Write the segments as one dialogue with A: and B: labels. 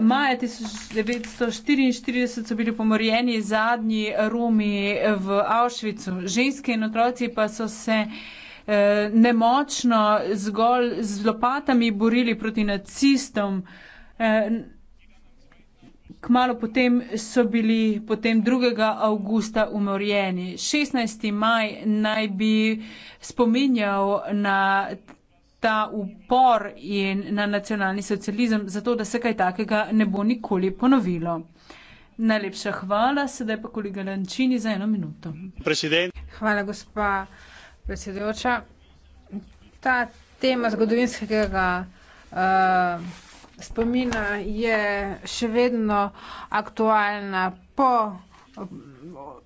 A: Maja 1944 so bili pomorjeni zadnji Romi v Auschwitzu. Ženske in otroci pa so se eh, nemočno zgolj z lopatami borili proti nacistom. Eh, kmalo potem so bili potem 2. avgusta umorjeni. 16. maj naj bi spominjal na ta upor in na nacionalni socializem, zato da se kaj takega ne bo nikoli ponovilo. Najlepša hvala, sedaj pa kolega Lančini za eno
B: minuto. President.
C: Hvala, gospa predsedujoča. Ta tema zgodovinskega uh, spomina je še vedno aktualna po. Uh,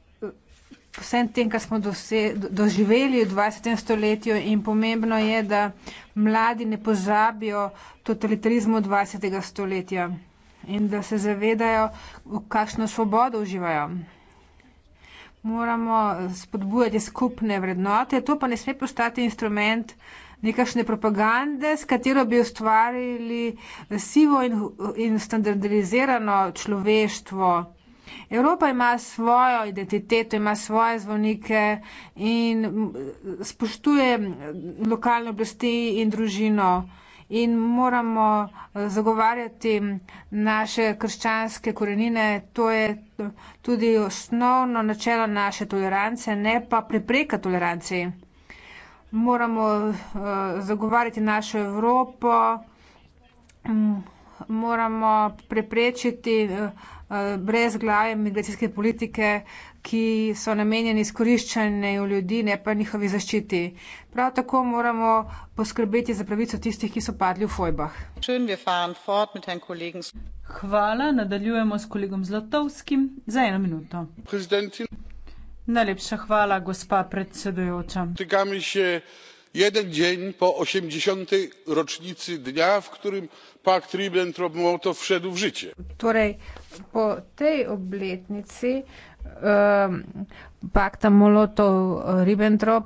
C: vsem tem, kar smo doživeli v 20. stoletju in pomembno je, da mladi ne pozabijo totalitarizmu 20. stoletja in da se zavedajo, v kakšno svobodo uživajo. Moramo spodbujati skupne vrednote, to pa ne sme postati instrument nekašne propagande, s katero bi ustvarili sivo in, in standardizirano človeštvo. Evropa ima svojo identiteto, ima svoje zvonike in spoštuje lokalne oblasti in družino. In moramo eh, zagovarjati naše krščanske korenine, to je tudi osnovno načelo naše tolerance, ne pa prepreka toleranci. Moramo eh, zagovarjati našo Evropo, moramo preprečiti eh, Eh, brez glave migracijske politike, ki so namenjeni izkoriščanju ljudi, ne pa njihovi zaščiti. Prav tako moramo poskrbeti za pravico tistih, ki so padli v fojbah. Hvala,
A: nadaljujemo s kolegom Zlatovskim
C: za eno minuto.
A: Najlepša hvala, gospa predsedujoča jeden dzień po osiemdziesiąt rocznicy dnia w którym pakt ribbentrop mołotow wszedł w
C: życie. Torej, po tej obletnicy um, pakta Molotov-Ribbentrop,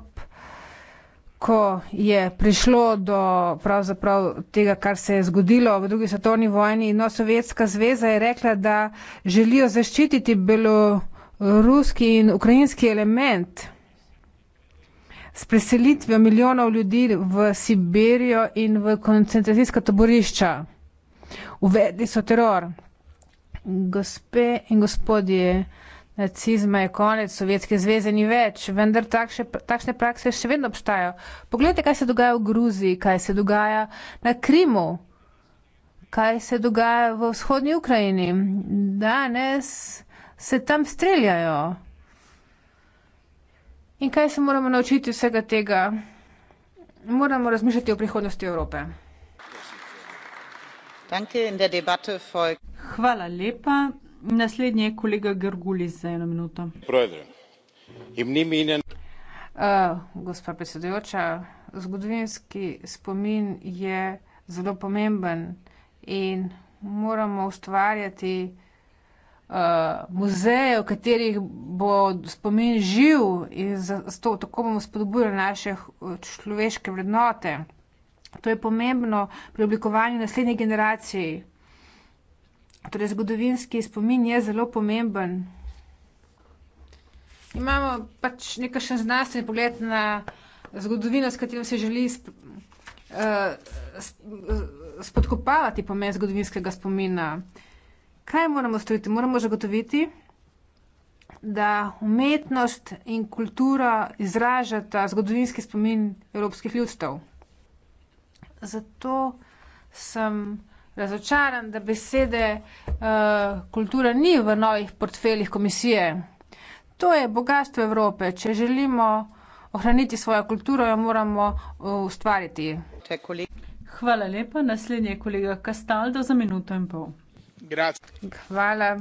C: ko je prišlo do pravzaprav tega, kar se je zgodilo v drugi svetovni vojni, no, Sovjetska zveza je rekla, da želijo zaščititi belo ruski in ukrajinski element s preselitvijo milijonov ljudi v Sibirijo in v koncentracijska taborišča. Uvedli so teror. Gospe in gospodje, nacizma je konec, Sovjetske zveze ni več, vendar takšne, takšne prakse še vedno obstajajo. Poglejte, kaj se dogaja v Gruziji, kaj se dogaja na Krimu, kaj se dogaja v vzhodnji Ukrajini. Danes se tam streljajo. In kaj se moramo naučiti vsega tega? Moramo razmišljati o prihodnosti Evrope.
A: Hvala lepa. Naslednji je kolega Grguli za eno minuto.
D: Uh,
C: gospa predsedujoča, zgodovinski spomin je zelo pomemben in moramo ustvarjati uh, muzeje, v katerih bo spomin živ in zato tako bomo spodbujali naše človeške vrednote. To je pomembno pri oblikovanju naslednje generacije. Torej, zgodovinski spomin je zelo pomemben. Imamo pač nekaj še znanstveni pogled na zgodovino, s katerim se želi sp uh, sp uh, spodkopavati pomen zgodovinskega spomina. Uh, Kaj moramo storiti? Moramo zagotoviti, da umetnost in kultura izražata zgodovinski spomin evropskih ljudstev. Zato sem razočaran, da besede uh, kultura ni v novih portfeljih komisije. To je bogatstvo Evrope. Če želimo ohraniti svojo kulturo, jo moramo uh, ustvariti. Hvala lepa. Naslednji je kolega Kastaldo za minuto in pol. Hvala,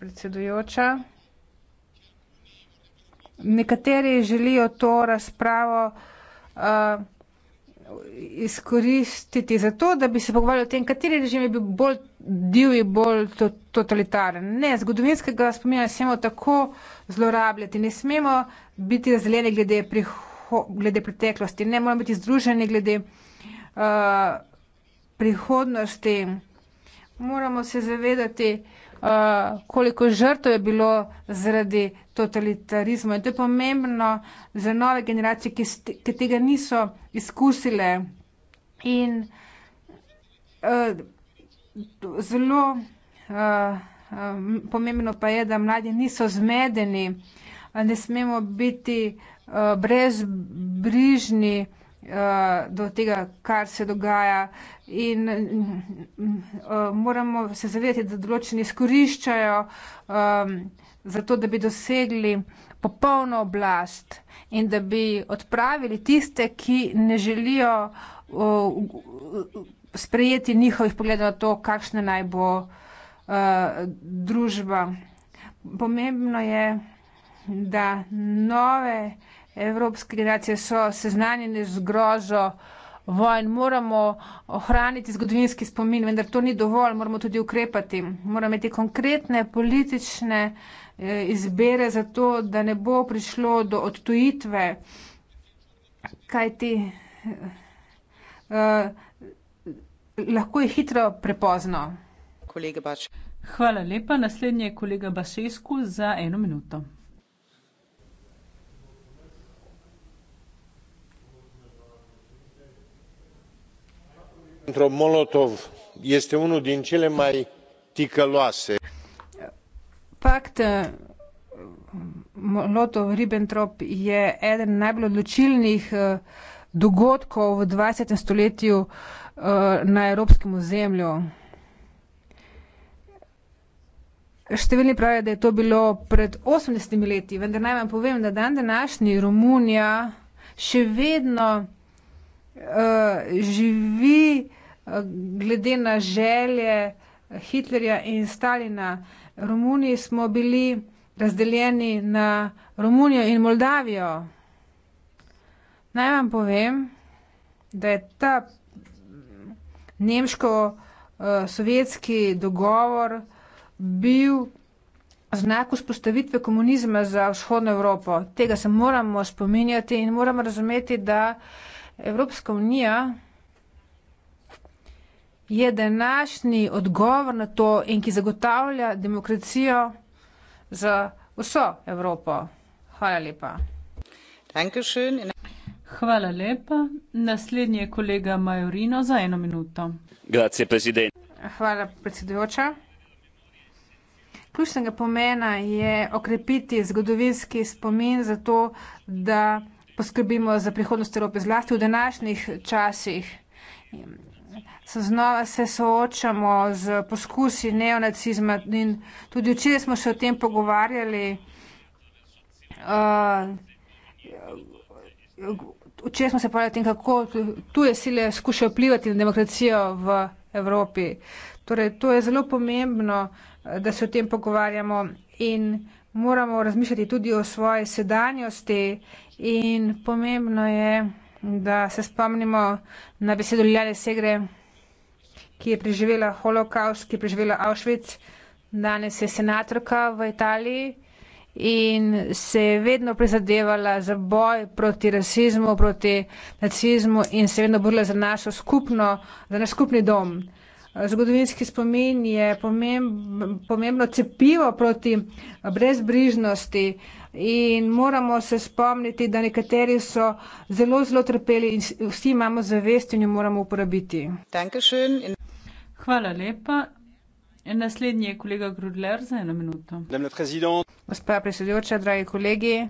C: predsedujoča. Nekateri želijo to razpravo uh, izkoristiti za to, da bi se pogovarjali o tem, kateri režim je bil bolj divji, bolj to, totalitaren. Ne, zgodovinskega spomina ne smemo tako zlorabljati. Ne smemo biti razdeljeni glede, glede preteklosti, ne moramo biti združeni glede uh, prihodnosti. Moramo se zavedati, uh, koliko žrtev je bilo zaradi totalitarizma. In to je pomembno za nove generacije, ki, ki tega niso izkusile. In uh, zelo uh, um, pomembno pa je, da mladi niso zmedeni, ne smemo biti uh, brezbrižni. Eh, do tega, kar se dogaja. In uh, moramo se zavedati, da določeni izkoriščajo um, za to, da bi dosegli popolno oblast in da bi odpravili tiste, ki ne želijo uh, sprejeti njihovih pogledov na to, kakšna naj bo uh, družba. Pomembno je, da nove evropske generacije so seznanjene z grožo vojn, moramo ohraniti zgodovinski spomin, vendar to ni dovolj, moramo tudi ukrepati. Moramo imeti konkretne politične eh, izbere za to, da ne bo prišlo do odtujitve, kajti uh, lahko je hitro prepozno.
A: Hvala lepa. Naslednji je kolega Bašesku za eno minuto.
D: dintr un molotov este unul din cele mai ticăloase.
C: Pakt uh, Molotov Ribbentrop je eden najbolj odločilnih uh, dogodkov v 20. stoletju uh, na evropskem ozemlju. Številni pravijo, da je to bilo pred 80 leti, vendar naj vam povem, da dan današnji Romunija še vedno uh, živi glede na želje Hitlerja in Stalina. Romuniji smo bili razdeljeni na Romunijo in Moldavijo. Naj vam povem, da je ta nemško-sovjetski dogovor bil znak vzpostavitve komunizma za vzhodno Evropo. Tega se moramo spominjati in moramo razumeti, da Evropska unija je današnji odgovor na to in ki zagotavlja demokracijo za vso Evropo. Hvala lepa. Hvala lepa. Naslednji je kolega Majorino za eno minuto. Hvala, predsedujoča. Ključnega pomena je okrepiti zgodovinski spomin za to, da poskrbimo za prihodnost Evrope, zlasti v današnjih časih se, znova, se soočamo z poskusi neonacizma in tudi včeraj smo se o tem pogovarjali. Uh, včeraj smo se pogovarjali o tem, kako tuje sile skušajo vplivati na demokracijo v Evropi. Torej, to je zelo pomembno, eh, da se o tem pogovarjamo in moramo razmišljati tudi o svoji sedanjosti in pomembno je da se spomnimo na besedo Ljale Segre, ki je preživela holokaust, ki je preživela Auschwitz. Danes je senatorka v Italiji in se je vedno prizadevala za boj proti rasizmu, proti nacizmu in se je vedno borila za, našo skupno, za naš skupni dom zgodovinski spomin je pomembno cepivo proti brezbrižnosti in moramo se spomniti, da nekateri so zelo, zelo trpeli in vsi imamo zavest in jo moramo uporabiti.
A: Hvala lepa. In naslednji je kolega Grudler za eno minuto.
C: Gospa predsedujoča, dragi kolegi.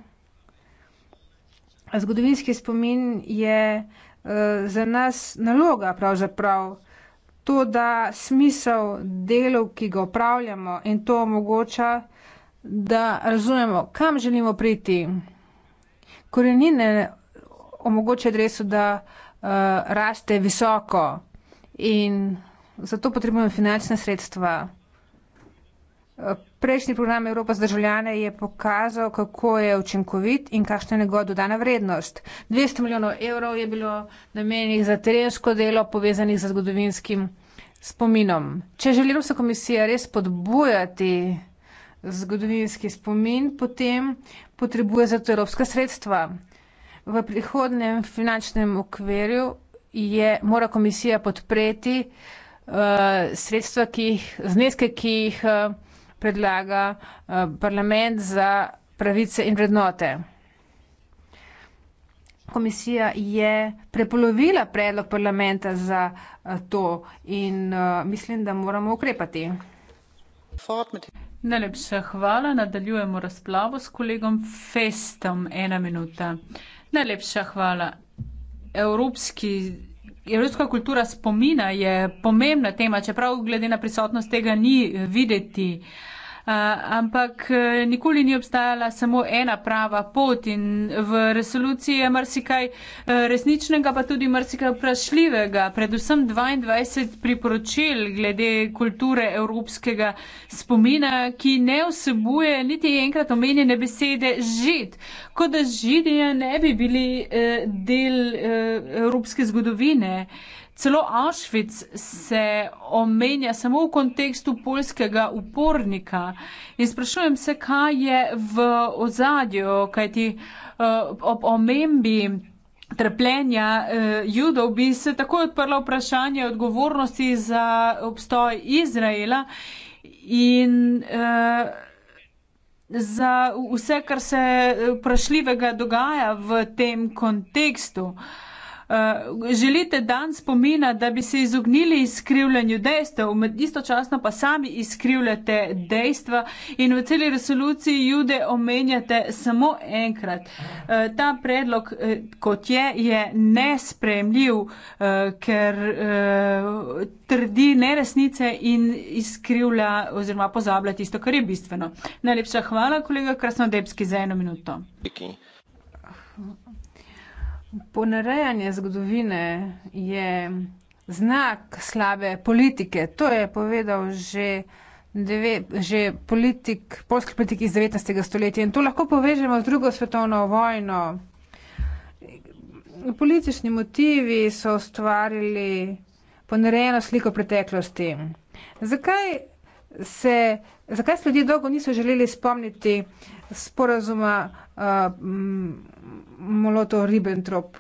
C: Zgodovinski spomin je uh, za nas naloga pravzaprav to, da smisel delov, ki ga upravljamo in to omogoča, da razumemo, kam želimo priti. Korenine omogoča dresu, da uh, raste visoko in zato potrebujemo finančne sredstva. Uh, Prejšnji program Evropa za državljane je pokazal, kako je učinkovit in kakšna je njegova dodana vrednost. 200 milijonov evrov je bilo namenjenih za terensko delo povezanih z zgodovinskim spominom. Če želi Evropska komisija res podbujati zgodovinski spomin, potem potrebuje za to evropska sredstva. V prihodnem finančnem okverju je, mora komisija podpreti uh, sredstva, ki jih, zneske, ki jih uh, predlaga eh, parlament za pravice in vrednote. Komisija je prepolovila predlog parlamenta za eh, to in eh, mislim, da moramo ukrepati.
A: Najlepša hvala. Nadaljujemo razplavo s kolegom Festom. Ena minuta. Najlepša hvala. Evropski Evropska kultura spomina je pomembna tema, čeprav glede na prisotnost tega ni videti ampak e, nikoli ni obstajala samo ena prava pot in v resoluciji je marsikaj e, resničnega, pa tudi marsikaj vprašljivega, predvsem 22 priporočil glede kulture evropskega spomina, ki ne vsebuje niti enkrat omenjene besede žid, kot da židija ne bi bili e, del evropske zgodovine. Celo Auschwitz se omenja samo v kontekstu polskega upornika in sprašujem se, kaj je v ozadju, kaj ti eh, ob omembi trpljenja eh, judov bi se takoj odprlo vprašanje odgovornosti za obstoj Izraela in eh, za vse, kar se vprašljivega dogaja v tem kontekstu. Uh, želite dan spomina, da bi se izognili izkrivljanju dejstev, istočasno pa sami izkrivljate dejstva in v celi resoluciji jude omenjate samo enkrat. Uh, ta predlog, uh, kot je, je nespremljiv, uh, ker uh, trdi neresnice in izkrivlja oziroma pozablja tisto, kar je bistveno. Najlepša hvala, kolega Krasnodebski, za eno minuto. Okay.
C: Ponarejanje zgodovine je znak slabe politike. To je povedal že, deve, že politik, polski politik iz 19. stoletja. In to lahko povežemo z drugo svetovno vojno. Politični motivi so ustvarili ponarejeno sliko preteklosti. Zakaj se, zakaj se ljudje dolgo niso želeli spomniti sporazuma uh, Molotov-Ribbentrop,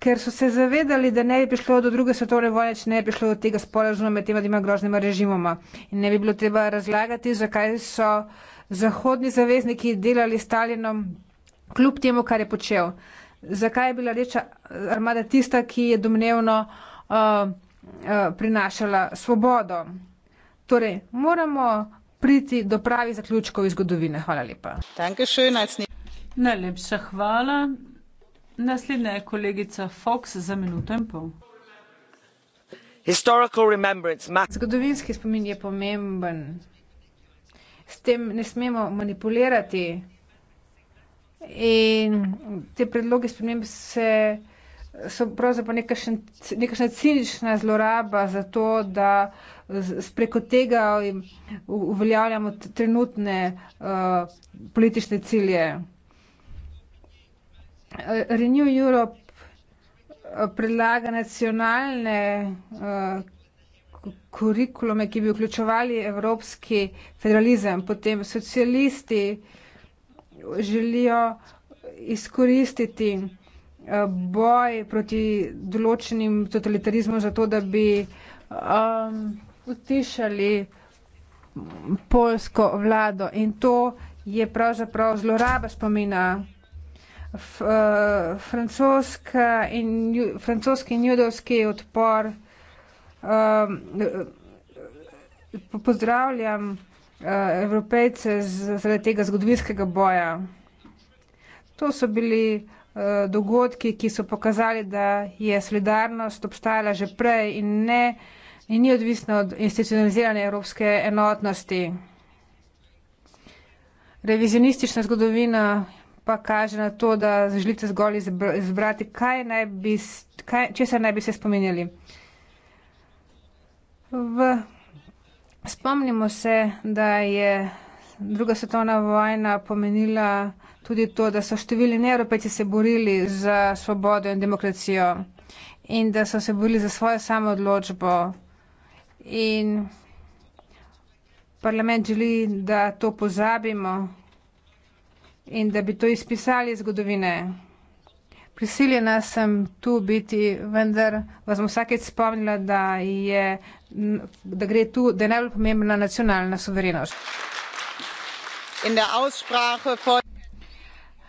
C: ker so se zavedali, da ne bi prišlo do druge svetovne vojne, če ne bi prišlo do tega sporazuma med tema dvima grožnjama režimoma. In ne bi bilo treba razlagati, zakaj so zahodni zavezniki delali s Stalinom kljub temu, kar je počel. Zakaj je bila reča armada tista, ki je domnevno uh, uh, prinašala svobodo. Torej, moramo priti do pravi zaključkov iz zgodovine. Hvala lepa. Danke, schön,
A: Najlepša hvala. Naslednja je kolegica Fox za minuto in pol.
C: Zgodovinski spomin je pomemben. S tem ne smemo manipulirati. In te predloge spomin se so pravzaprav nekašna cinična zloraba za to, da preko tega uveljavljamo trenutne uh, politične cilje. Renew Europe eh, predlaga nacionalne eh, kurikulume, ki bi vključevali evropski federalizem. Potem socialisti želijo izkoristiti eh, boj proti določenim totalitarizmom zato, da bi um, utišali polsko vlado. In to je pravzaprav zloraba spomina Eh, francoska in, francoski in judovski odpor. Um, pozdravljam uh, evropejce zaradi tega zgodovinskega boja. To so bili uh, dogodki, ki so pokazali, da je solidarnost obstajala že prej in, ne, in ni odvisna od institucionalizirane evropske enotnosti. Revizionistična zgodovina pa kaže na to, da želite zgolj izbrati, kaj naj bi, kaj, če se naj bi se spominjali. V, spomnimo se, da je druga svetovna vojna pomenila tudi to, da so številni neevropejci se borili za svobodo in demokracijo in da so se borili za svojo samo odločbo. In parlament želi, da to pozabimo in da bi to izpisali zgodovine. Prisiljena sem tu biti, vendar vas bom vsakeč spomnila, da, je, da gre tu, da je najbolj pomembna nacionalna suverenost.
A: In da avsprahe pod.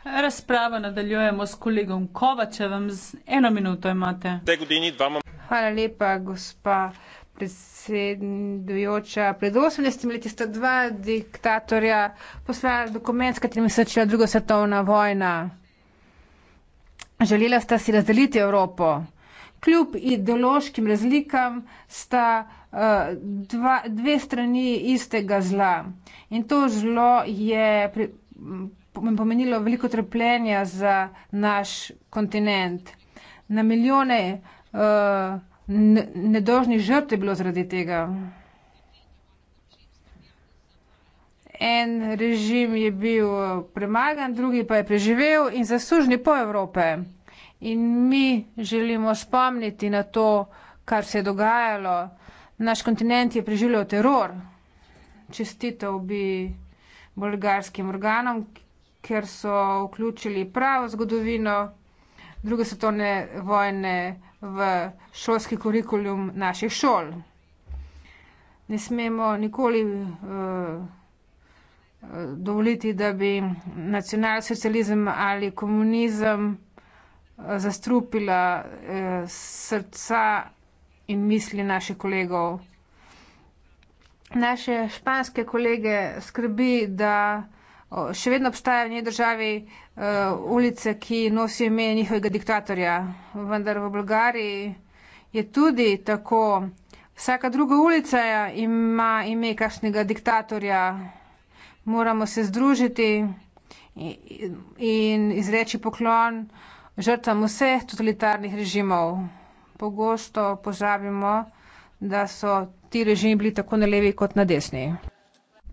A: Razpravo nadaljujemo s kolegom Kovačevem, z eno minuto imate.
C: Hvala lepa, gospa predsedujoča. Pred 80 leti sta dva diktatorja poslala dokument, s katerim se je začela druga svetovna vojna. Želela sta si razdeliti Evropo. Kljub ideološkim razlikam sta uh, dva, dve strani istega zla. In to zlo je pri, pomenilo veliko trpljenja za naš kontinent. Na milijone uh, nedožni žrtve bilo zaradi tega. En režim je bil eh, premagan, drugi pa je preživel in zaslužni po Evrope. In mi želimo spomniti na to, kar se je dogajalo. Naš kontinent je preživljal teror. Čestitev bi bolgarskim organom, ker so vključili pravo zgodovino druge svetovne vojne v šolski kurikulum naših šol. Ne smemo nikoli uh, dovoliti, da bi nacionalsocializem ali komunizem uh, zastrupila uh, srca in misli naših kolegov. Naše španske kolege skrbi, da še vedno obstajajo v njej državi uh, ulice, ki nosijo ime njihovega diktatorja. Vendar v Bolgariji je tudi tako. Vsaka druga ulica ima ime kakšnega diktatorja. Moramo se združiti in izreči poklon žrtvam vseh totalitarnih režimov. Pogosto pozabimo, da so ti režimi bili tako na levi kot na desni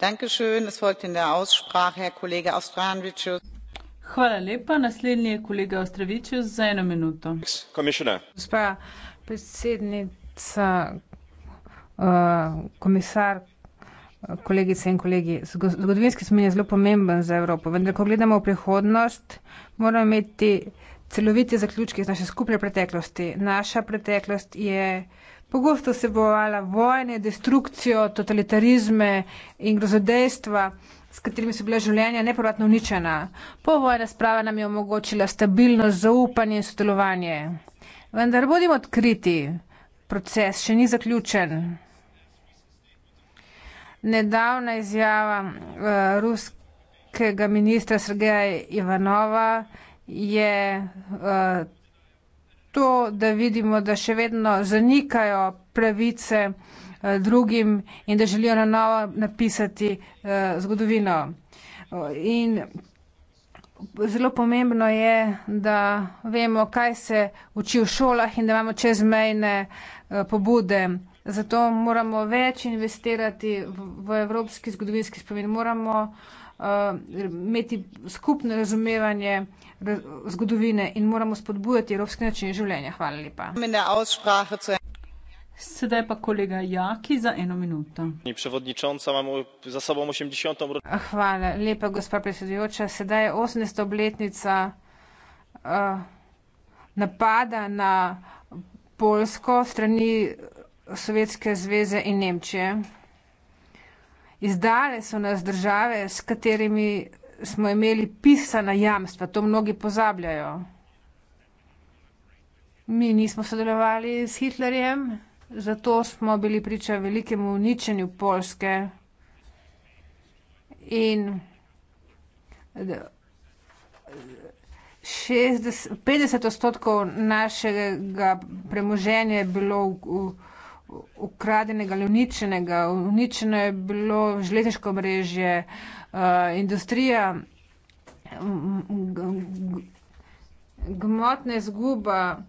B: gospa
C: predsednica eh, komisar kolegice in kolegi zgodovinski spomin je zelo pomemben za evropo vendar ko gledamo v prihodnost moramo imeti celovite zaključke iz naše skupne preteklosti naša preteklost je Pogosto se bojala vojne, destrukcijo, totalitarizme in grozodejstva, s katerimi so bile življenja nepovratno uničena. Povojna sprava nam je omogočila stabilnost, zaupanje in sodelovanje. Vendar bodimo odkriti, proces še ni zaključen. Nedavna izjava uh, ruskega ministra Sergeja Ivanova je uh, to, da vidimo, da še vedno zanikajo pravice eh, drugim in da želijo na novo napisati eh, zgodovino. In zelo pomembno je, da vemo, kaj se uči v šolah in da imamo čezmejne eh, pobude. Zato moramo več investirati v evropski zgodovinski spomin. Moramo uh, imeti skupno razumevanje uh, zgodovine in moramo spodbujati evropski način življenja. Hvala lepa. Sedaj pa kolega Jaki za eno minuto. Hvala lepa, gospa predsedujoča. Sedaj je 18. obletnica uh, napada na Polsko strani Sovjetske zveze in Nemčije. Izdale so nas države, s katerimi smo imeli pisana jamstva, to mnogi pozabljajo. Mi nismo sodelovali s Hitlerjem, zato smo bili priča velikemu uničenju Polske. In 60, 50 odstotkov našega premoženja je bilo ukradenega ali uničenega. Uničeno je bilo železniško mrežje, uh, Eh, industrija gmotna izguba uh,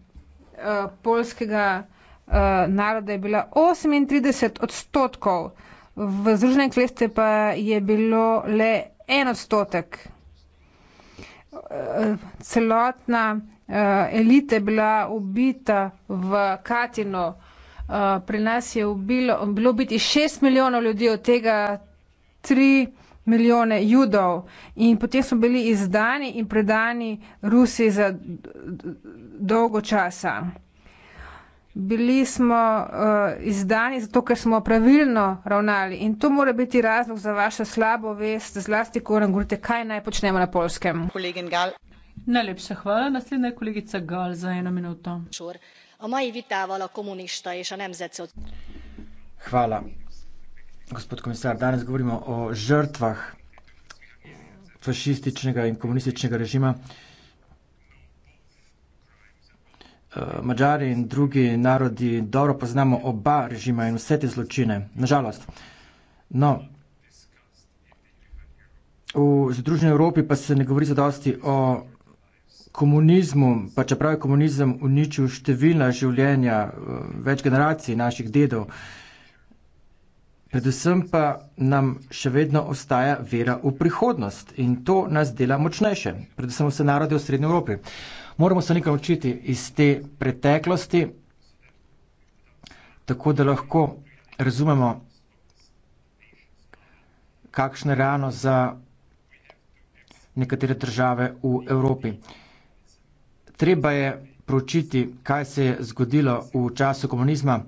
C: eh, polskega uh, eh, naroda je bila 38 odstotkov, v Združenem kleste pa je bilo le en odstotek. Uh, celotna uh, elita je bila ubita v Katino. Uh, pri nas je ubilo, bilo biti 6 milijonov ljudi, od tega 3 milijona milijone judov in potem so bili izdani in predani Rusi za dolgo časa. Bili smo uh, izdani zato, ker smo pravilno ravnali in to mora biti razlog za vašo slabo vest, zlasti, ko nam govorite, kaj naj počnemo na polskem.
A: Kolegin Gal. Najlepša hvala. Naslednja je kolegica Gal za eno minuto.
D: Hvala. Gospod komisar, danes govorimo o žrtvah fašističnega in komunističnega režima. Eh, Mačari in drugi narodi dobro poznamo oba režima in vse te zločine, nažalost. No, v Združeni Evropi pa se ne govori zadosti o komunizmu, pa čeprav je komunizem uničil številna življenja eh, več generacij naših dedov. Predvsem pa nam še vedno ostaja vera v prihodnost in to nas dela močnejše, predvsem vse narode v Srednji Evropi. Moramo se nekaj učiti iz te preteklosti, tako da lahko razumemo, kakšno je realno za nekatere države v Evropi. Treba je pročiti, kaj se je zgodilo v času komunizma,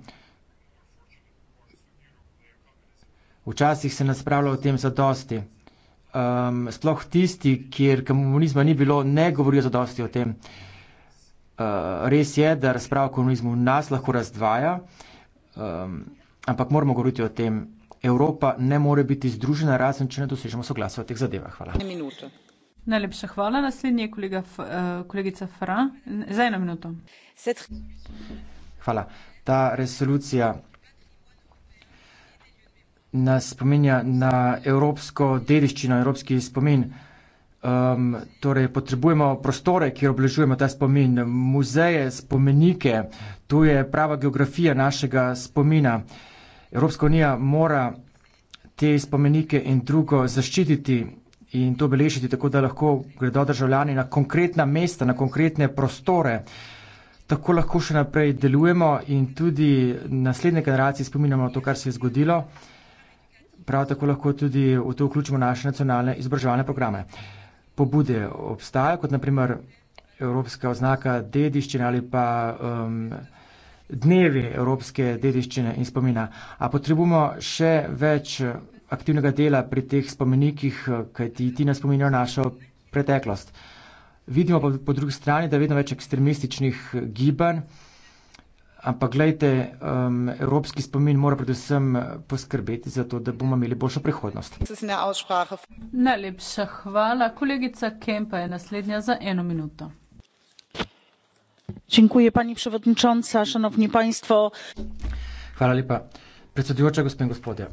D: Včasih se nas pravlja o tem za dosti. Um, ehm, sploh tisti, kjer komunizma ni bilo, ne govorijo za dosti o tem. Uh, res je, da razprava o komunizmu nas lahko razdvaja, um, ampak moramo govoriti o tem. Evropa ne more biti združena, razen če ne dosežemo soglasja o teh zadevah. Hvala.
A: Najlepša hvala. Naslednji je kolega, uh, kolegica Fra. Za eno minuto.
D: Hvala. Ta resolucija nas spominja na evropsko dediščino, evropski spomin. Um, torej, potrebujemo prostore, kjer obležujemo ta spomin, muzeje, spomenike, tu je prava geografija našega spomina. Evropska unija mora te spomenike in drugo zaščititi in to beležiti, tako da lahko gredo državljani na konkretna mesta, na konkretne prostore. Tako lahko še naprej delujemo in tudi naslednje generacije spominjamo to, kar se je zgodilo. Uh, Prav tako lahko tudi v to vključimo naše nacionalne izobraževalne programe. Pobude obstajajo, kot naprimer evropska oznaka dediščine ali pa um, dnevi evropske dediščine in spomina. A potrebujemo še več aktivnega dela pri teh spomenikih, kajti ti nas spominjajo našo preteklost. Vidimo pa po drugi strani, da je vedno več ekstremističnih gibanj. Ampak glejte, um, evropski spomin mora predvsem poskrbeti za to, da bomo imeli boljšo prihodnost.
A: Najlepša hvala. Kolegica Kempa je naslednja za eno minuto.
D: Dziękuję, pani przewodnicząca, szanowni państwo. Hvala lepa. Predsedujoča, gospod in gospodje.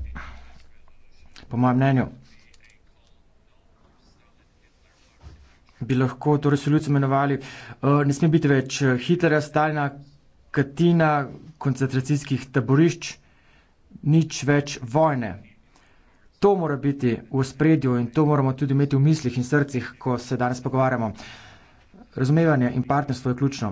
D: Po mojem mnenju bi lahko to resolucijo imenovali, uh, ne sme biti več uh, Hitlerja, Stalina, katina koncentracijskih taborišč, nič več vojne. To mora biti v spredju in to moramo tudi imeti v mislih in srcih, ko se danes pogovarjamo. Razumevanje in partnerstvo je ključno.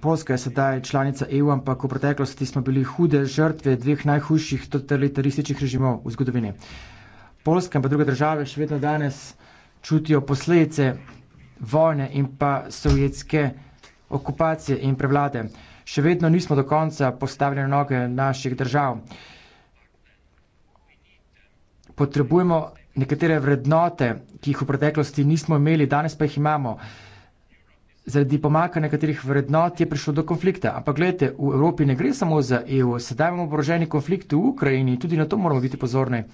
D: Polska je sedaj članica EU, ampak v preteklosti smo bili hude žrtve dveh najhujših totalitarističnih režimov v zgodovini. Polska in pa druge države še vedno danes čutijo posledice vojne in pa sovjetske okupacije in prevlade. Še vedno nismo do konca postavljeni noge naših držav. Potrebujemo nekatere vrednote, ki jih v preteklosti nismo imeli, danes pa jih imamo. Zaradi pomaka nekaterih vrednot je prišlo do konflikta. Ampak gledajte, v Evropi ne gre samo za EU, sedaj imamo oboroženi konflikt v Ukrajini, tudi na to moramo biti pozorni.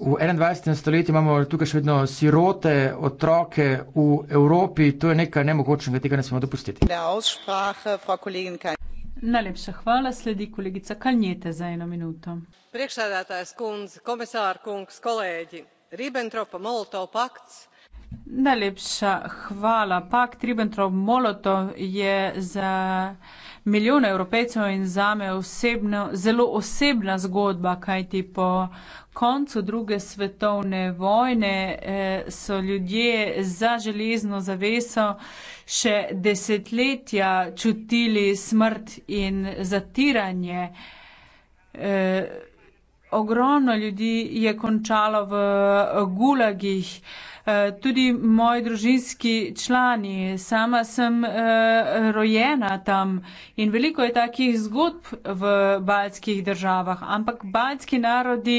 D: V 21. stoletju imamo tukaj še vedno sirote, otroke v Evropi, to je nekaj nemogočnega, tega ne smemo dopustiti.
A: Najlepša hvala, sledi kolegica Kalnjete za eno minuto. Najlepša hvala, pakt Ribbentrop-Molotov je za milijon evropejcev in zame osebno, zelo osebna zgodba, kajti po koncu druge svetovne vojne eh, so ljudje za železno zaveso še desetletja čutili smrt in zatiranje. Eh, ogromno ljudi je končalo v gulagih. Eh, Eh, tudi moji družinski člani. Sama sem uh, rojena tam in veliko je takih zgodb v baljskih državah, ampak baljski narodi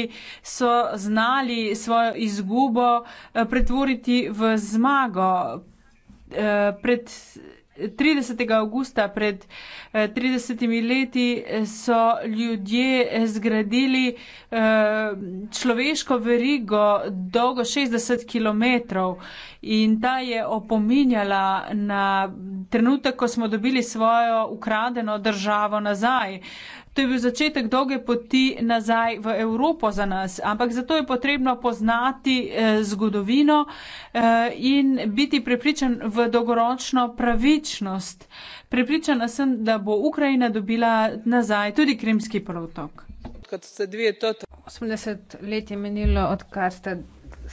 A: so znali svojo izgubo uh, pretvoriti v zmago. Uh, pred, 30. augusta pred 30 eh, leti eh, so ljudje eh, zgradili človeško verigo dolgo 60 km in ta je opominjala na trenutek, ko smo dobili svojo ukradeno državo nazaj. To je bil začetek dolge poti nazaj v Evropo za nas, ampak zato je potrebno poznati eh, zgodovino eh, in biti prepričan v dolgoročno pravičnost. Prepričana sem, da bo Ukrajina dobila nazaj
C: tudi Krimski protok. 80 let je menilo, odkar ste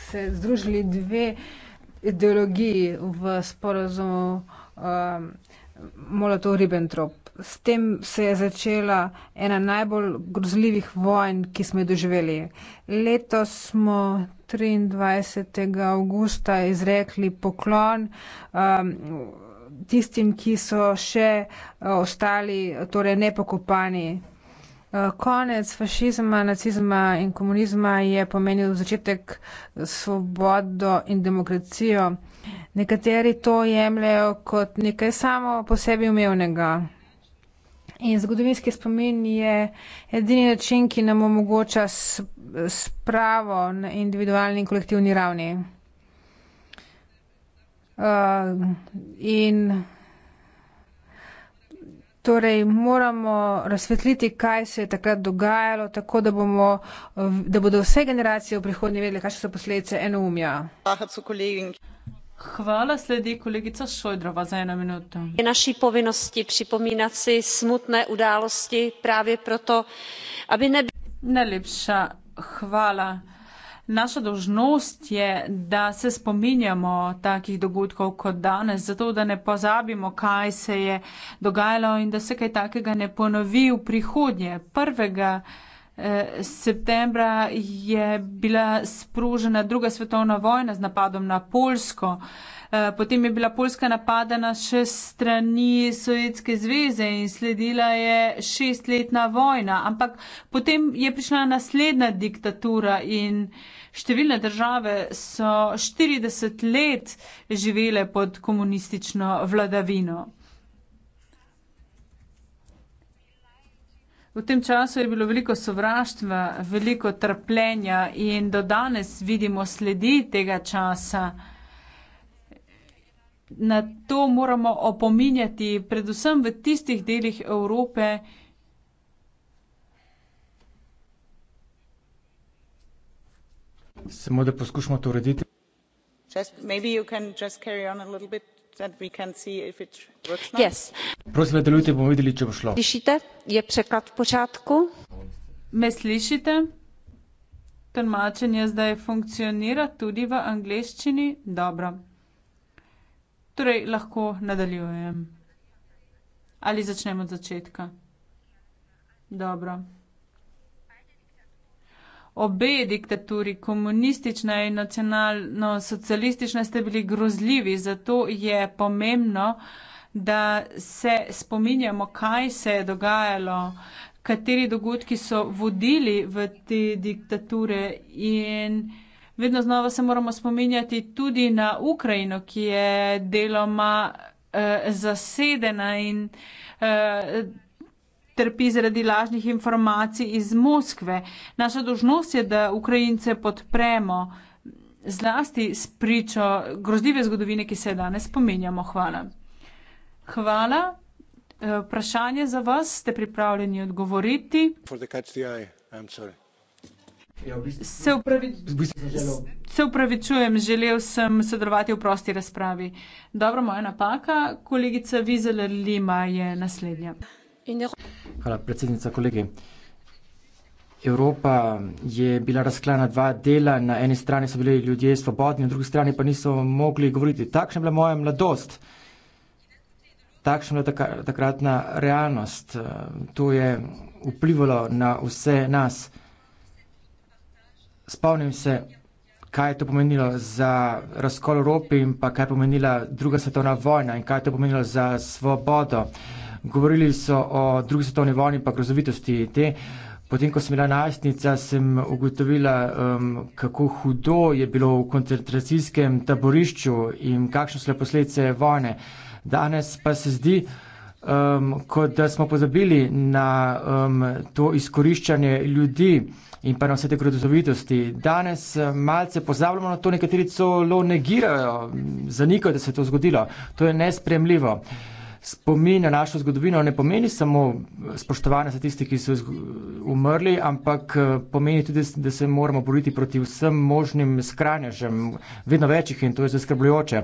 C: se združili dve ideologiji v sporozumu um, Molotov-Ribbentrop s tem se je začela ena najbolj grozljivih vojn, ki smo jih doživeli. Letos smo 23. augusta izrekli poklon um, tistim, ki so še uh, ostali torej nepokopani. Uh, konec fašizma, nacizma in komunizma je pomenil začetek svobodo in demokracijo. Nekateri to jemljajo kot nekaj samo po sebi umevnega. In zgodovinski spomin je edini način, ki nam omogoča spravo na individualni in kolektivni ravni. Uh, in torej moramo razsvetliti, kaj se je takrat dogajalo, tako da, bomo, da bodo vse generacije v prihodnje vedele, kakšne so posledice enoumja.
A: Hvala, so kolegi. Hvala sledí kolegica Šojdrova
C: za jedna minuta. Je naší
A: povinností připomínat si smutné události právě proto, aby neby... Najlepša hvala. Naša dožnost je, da se spominjamo takih dogodkov kot danes, zato da ne pozabimo, kaj se je dogajalo in da se kaj takega ne ponovi v prihodnje. 1. Eh, septembra je bila sprožena druga svetovna vojna z napadom na Polsko. Eh, potem je bila Poljska napadena še strani Sovjetske zveze in sledila je šestletna vojna. Ampak potem je prišla naslednja diktatura in številne države so 40 let živele pod komunistično vladavino. V tem času je bilo veliko sovraštva, veliko trpljenja in do danes vidimo sledi tega časa. Na to moramo opominjati, predvsem v tistih delih Evrope,
D: Samo da poskušamo to urediti.
A: Just, slišite je překlad v pořádku me slišite tolmačenje zdaj funkcionira tudi v angleščini dobro torej lahko nadaljujem ali začnem od začetka dobro obe diktaturi, komunistična in nacionalno-socialistična, ste bili grozljivi, zato je pomembno, da se spominjamo, kaj se je dogajalo, kateri dogodki so vodili v te diktature in vedno znova se moramo spominjati tudi na Ukrajino, ki je deloma eh, zasedena in eh, trpi zaradi lažnih informacij iz Moskve. Naša dožnost je, da Ukrajince podpremo zlasti s pričo grozljive zgodovine, ki se danes spominjamo. Hvala. Hvala. Eh, vprašanje za vas, ste pripravljeni odgovoriti? Se upravičujem, želel sem sodelovati v prosti razpravi. Dobro, moja napaka. Kolegica Vizela Lima je naslednja.
D: Hvala, predsednica, kolegi. Evropa je bila razklana dva dela, na eni strani so bili ljudje svobodni, na drugi strani pa niso mogli govoriti. Takšna je bila moja mladost, takšna je bila takratna realnost. To je vplivalo na vse nas. Spomnim se, kaj je to pomenilo za razkol Evrope in pa kaj je pomenila druga svetovna vojna in kaj je to pomenilo za svobodo. Govorili so o drugi svetovni vojni, pa grozovitosti te. Potem, ko sem bila najstnica, sem ugotovila, um, kako hudo je bilo v koncentracijskem taborišču in kakšne so posledice vojne. Danes pa se zdi, um, kot da smo pozabili na um, to izkoriščanje ljudi in pa na vse te grozovitosti. Danes eh, malce pozabljamo na to, nekateri celo negirajo, zanikajo, da se je to zgodilo. To je nespremljivo. Uh, spomin na našo zgodovino ne pomeni samo spoštovanje za tisti, ki so umrli, ampak pomeni tudi, da se moramo boriti proti vsem možnim skranjažem, vedno večjih in to je zaskrbljujoče.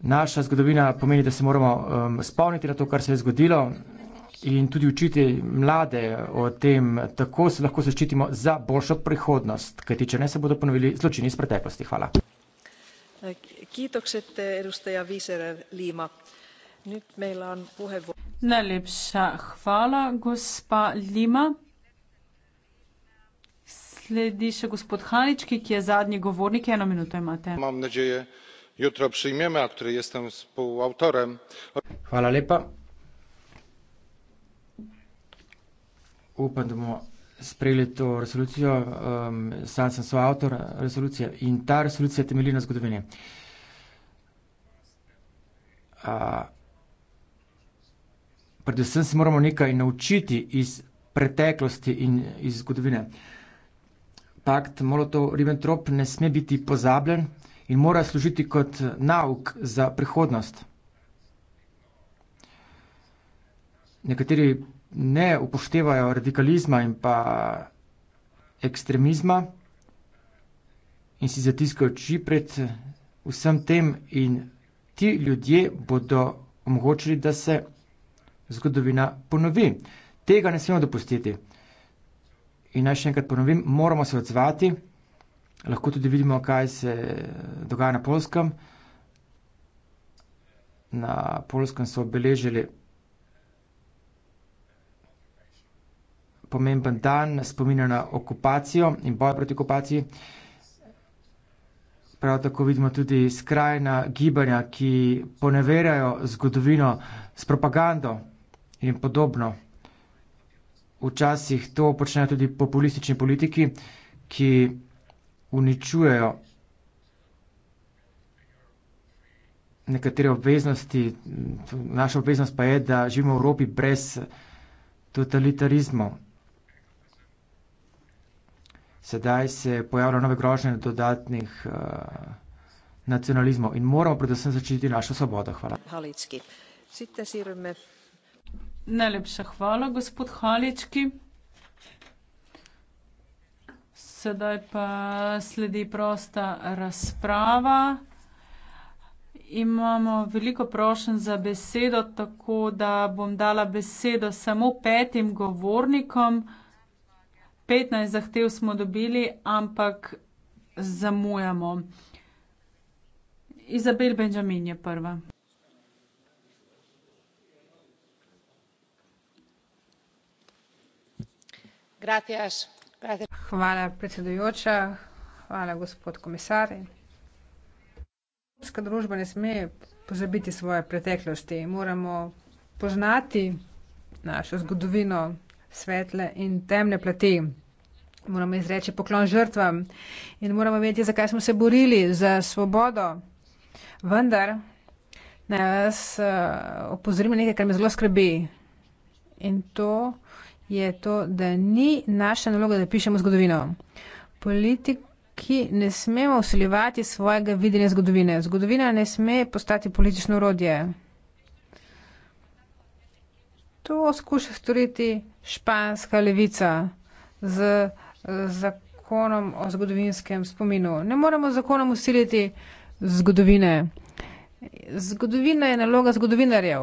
D: Naša zgodovina pomeni, da se moramo um, spomniti na to, kar se je zgodilo in tudi učiti mlade o tem, tako se lahko zaščitimo za boljšo prihodnost, kajti če ne se bodo ponovili zločini iz preteklosti. Hvala.
A: Kiitokset, edustaja Viserer Lima. Najlepša hvala, gospa Lima. Sledi še gospod Hanički, ki je zadnji govornik. Eno minuto imate.
D: Hvala lepa. Upam, da bomo sprejeli to resolucijo. Sam sem soavtor resolucije in ta resolucija temelji na zgodovini predvsem se moramo nekaj naučiti iz preteklosti in iz zgodovine. Pakt Molotov-Ribbentrop ne sme biti pozabljen in mora služiti kot nauk za prihodnost. Nekateri ne upoštevajo radikalizma in pa ekstremizma in si zatiskajo oči pred vsem tem in ti ljudje bodo omogočili, da se zgodovina ponovi. Tega ne smemo dopustiti. In naj še enkrat ponovim, moramo se odzvati, lahko tudi vidimo, kaj se eh, dogaja na polskem. Na polskem so obeležili pomemben dan spominja na okupacijo in boj proti okupaciji. Prav tako vidimo tudi skrajna gibanja, ki poneverjajo zgodovino s propagando in podobno. Včasih to počnejo tudi populistični politiki, ki uničujejo nekatere obveznosti. Naša obveznost pa je, da živimo v Evropi brez totalitarizma. Sedaj se pojavljajo nove grožnje dodatnih uh, nacionalizmov in moramo predvsem začititi našo svobodo. Hvala.
A: Halicki. Sitten siirrymme Najlepša hvala, gospod Halički. Sedaj pa sledi prosta razprava. Imamo veliko prošenj za besedo, tako da bom dala besedo samo petim govornikom. 15 zahtev smo dobili, ampak zamujamo. Izabel Benjamin je prva.
C: Hvala, predsedujoča. Hvala, gospod komisar. Evropska družba ne sme pozabiti svoje preteklosti. Moramo poznati našo zgodovino svetle in temne plati. Moramo izreči poklon žrtvam in moramo vedeti, zakaj smo se borili za svobodo. Vendar naj vas eh, opozorim na nekaj, kar me zelo skrbi. In to je to, da ni naša naloga, da pišemo zgodovino. Politiki ne smemo usiljevati svojega videnja zgodovine. Zgodovina ne sme postati politično urodje. To skuša storiti španska levica z zakonom o zgodovinskem spominu. Ne moremo z zakonom usiljiti zgodovine. Zgodovina je naloga zgodovinarjev.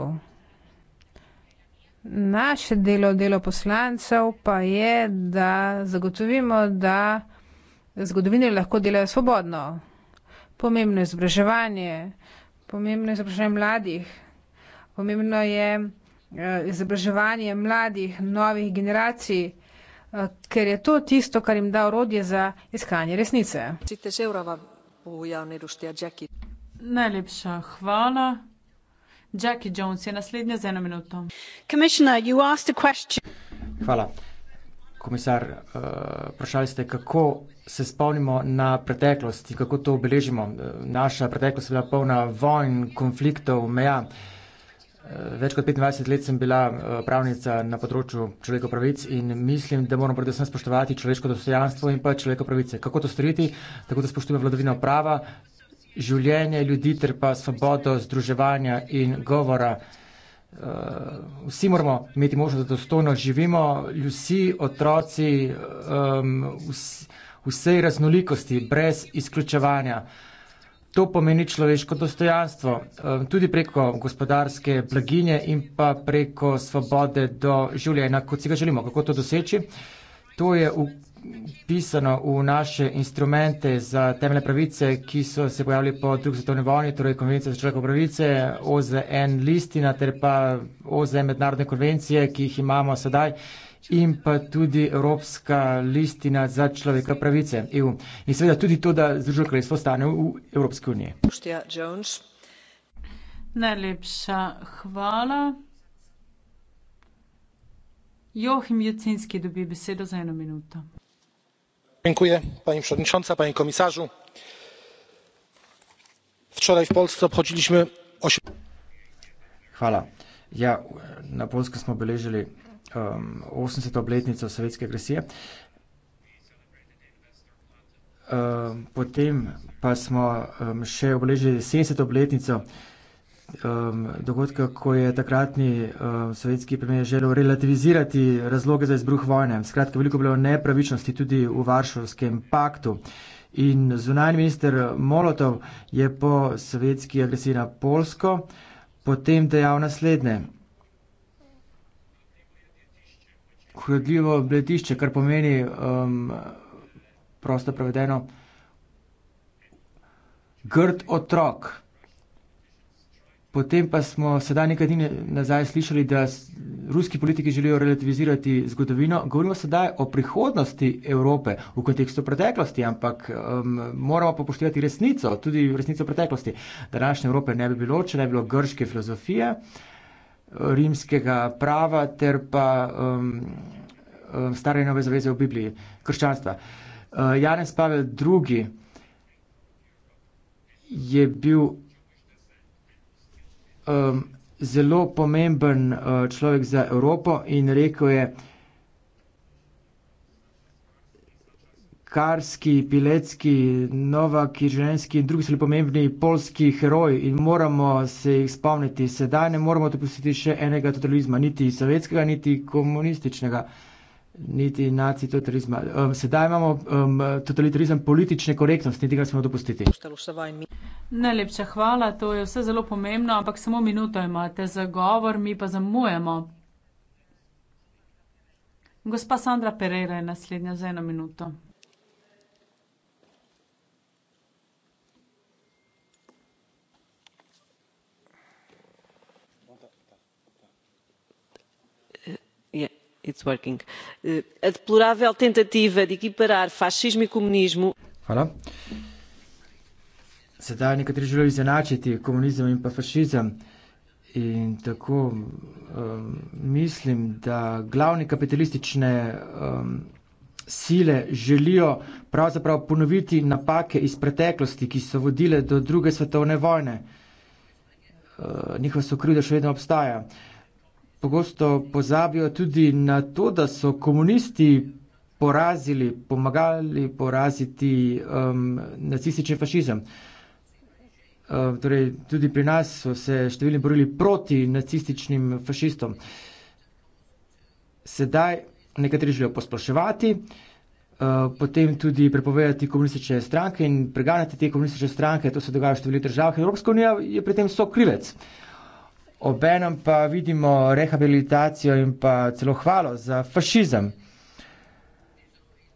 C: Naše delo, delo poslancev pa je, da zagotovimo, da zgodovine lahko delajo svobodno. Pomembno je izobraževanje, pomembno je izobraževanje mladih, pomembno je eh, izobraževanje mladih, novih generacij, eh, ker je to tisto, kar jim da orodje za iskanje resnice. Najlepša
A: hvala. Jackie Jones je naslednja z eno minuto.
D: Hvala. Komisar, eh, vprašali ste, kako se spomnimo na preteklost in kako to obeležimo. Eh, naša preteklost je bila polna vojn, konfliktov, meja. Eh, več kot 25 let sem bila pravnica na področju človekovih pravic in mislim, da moramo predvsem spoštovati človeško dostojanstvo in pa človekovih pravice. Kako to storiti, tako da spoštujemo vladavino prava, življenje ljudi ter pa svobodo združevanja in govora. Eh, vsi moramo imeti možnost, da dostojno živimo, ljudi, otroci, vsej raznolikosti, brez izključevanja. To pomeni človeško dostojanstvo, tudi preko gospodarske blaginje in pa preko svobode do življenja, kot si ga želimo. Kako to doseči? To je pisano v naše instrumente za temeljne pravice, ki so se pojavili po drugi svetovni vojni, torej konvencija za človekove pravice, OZN listina ter pa OZN mednarodne konvencije, ki jih imamo sedaj in pa tudi Evropska listina za človekove pravice EU. In seveda tudi to, da Združeno kraljestvo stane v Evropski uniji.
A: Najlepša hvala. Johim Jacinski dobi besedo za eno minuto
D: pani przewodnicząca! panie komisarzu! wczoraj w polsce obchodziliśmy. Ja, na polskem smo beležili um, osemdeset obletnico sovjetske agresije um, potem pa smo um, še obeležili sedemdeset obletnico um, dogodka, ko je takratni um, sovjetski premijer želel relativizirati razloge za izbruh vojne. Skratka, veliko bilo nepravičnosti tudi v Varšavskem paktu. In zunanji minister Molotov je po sovjetski agresiji na Polsko potem dejal naslednje. Hudljivo bletišče, kar pomeni um, prosto prevedeno grd otrok. Potem pa smo sedaj nekaj dni nazaj slišali, da ruski politiki želijo relativizirati zgodovino. Govorimo sedaj o prihodnosti Evrope v kontekstu preteklosti, ampak um, moramo pa poštevati resnico, tudi resnico preteklosti. Današnje Evrope ne bi bilo, če ne bi bilo grške filozofije, rimskega prava ter pa um, um, stare nove zaveze v Bibliji, krščanstva. Uh, Janez Pavel II. je bil um, zelo pomemben uh, človek za Evropo in rekel je, Karski, Pilecki, Novaki, Ženski in drugi so bili pomembni polski heroji in moramo se jih spomniti. Sedaj ne moramo dopustiti še enega totalizma, niti sovjetskega, niti komunističnega. Uh, Niti nacitotalizma. Um, sedaj imamo um, totalitarizem politične korektnosti, tega smo dopustiti.
A: Najlepša hvala, to je vse zelo pomembno, ampak samo minuto imate za govor, mi pa zamujemo. Gospa Sandra Pereira je naslednja za eno minuto. Eh, a deplorável tentativa de equiparar fascismo e comunismo.
D: Hvala. Sedaj nekateri želijo izenačiti komunizem in pa fašizem. In tako um, mislim, da glavni kapitalistične um, sile želijo pravzaprav ponoviti napake iz preteklosti, ki so vodile do druge svetovne vojne. Uh, njihova sokrivda še vedno obstaja. Uh, pogosto pozabijo tudi na to, da so komunisti porazili, pomagali poraziti um, nacističen fašizem. Um, torej, tudi pri nas so se številni borili proti nacističnim fašistom. Sedaj nekateri želijo posploševati, uh, potem tudi prepovedati komunistične stranke in preganjati te komunistične stranke, to se dogaja v številnih državah. Evropska unija je pri tem sokrivec. krivec obenem pa vidimo rehabilitacijo in pa celo hvalo za fašizem.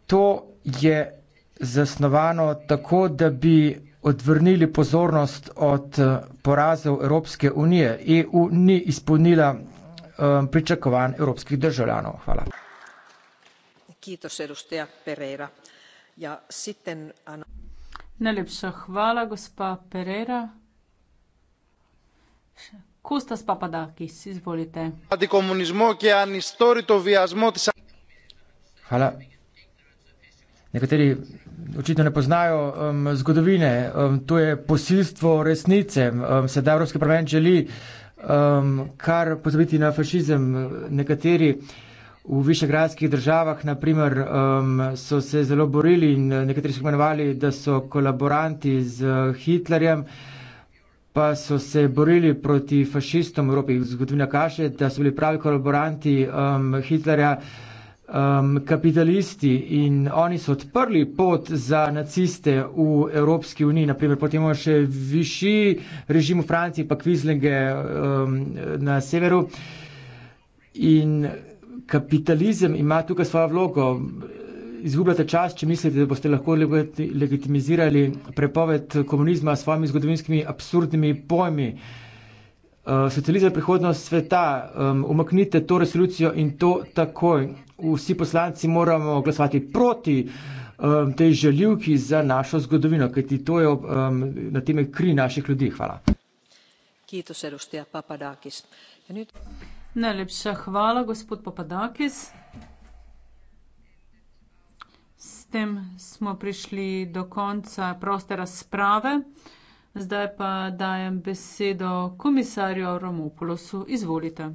D: To je zasnovano tako, da bi odvrnili pozornost od eh, porazov Evropske unije. EU ni izpolnila um, pričakovanj evropskih državljanov. Hvala.
C: Ja,
A: Najlepša hvala, gospa Pereira. Κούστας Παπαδάκης, εισβολείτε.
D: Αντικομουνισμό και ανιστόρητο βιασμό της... Χαλά. Νεκατέρι, Očitno ne poznajo um, zgodovine, um, to je posilstvo resnice. Um, Sedaj Evropski parlament želi um, kar pozabiti na fašizem. Nekateri v višegradskih državah naprimer, um, so se zelo borili in nekateri so imenovali, da so kolaboranti z Hitlerjem. Uh, pa so se borili proti fašistom v Evropi. Zgodovina kaže, da so bili pravi kolaboranti um, Hitlerja um, kapitalisti in oni so odprli pot za naciste v Evropski uniji. Naprimer, potem imamo še višji režim v Franciji, pa Kvizlinge um, na severu. In kapitalizem ima tukaj svojo vlogo izgubljate čas, če mislite, da boste lahko legitimizirali prepoved komunizma s svojimi zgodovinskimi absurdnimi pojmi. Eh, socializem je prihodnost sveta, umaknite to resolucijo in to takoj. Vsi poslanci moramo glasovati proti tej željivki za našo zgodovino, kajti to je na teme kri naših ljudi. Hvala.
A: Ja Najlepša hvala, gospod Papadakis tem smo prišli do konca proste razprave. Zdaj pa dajem besedo komisarju Avramopolosu. Izvolite.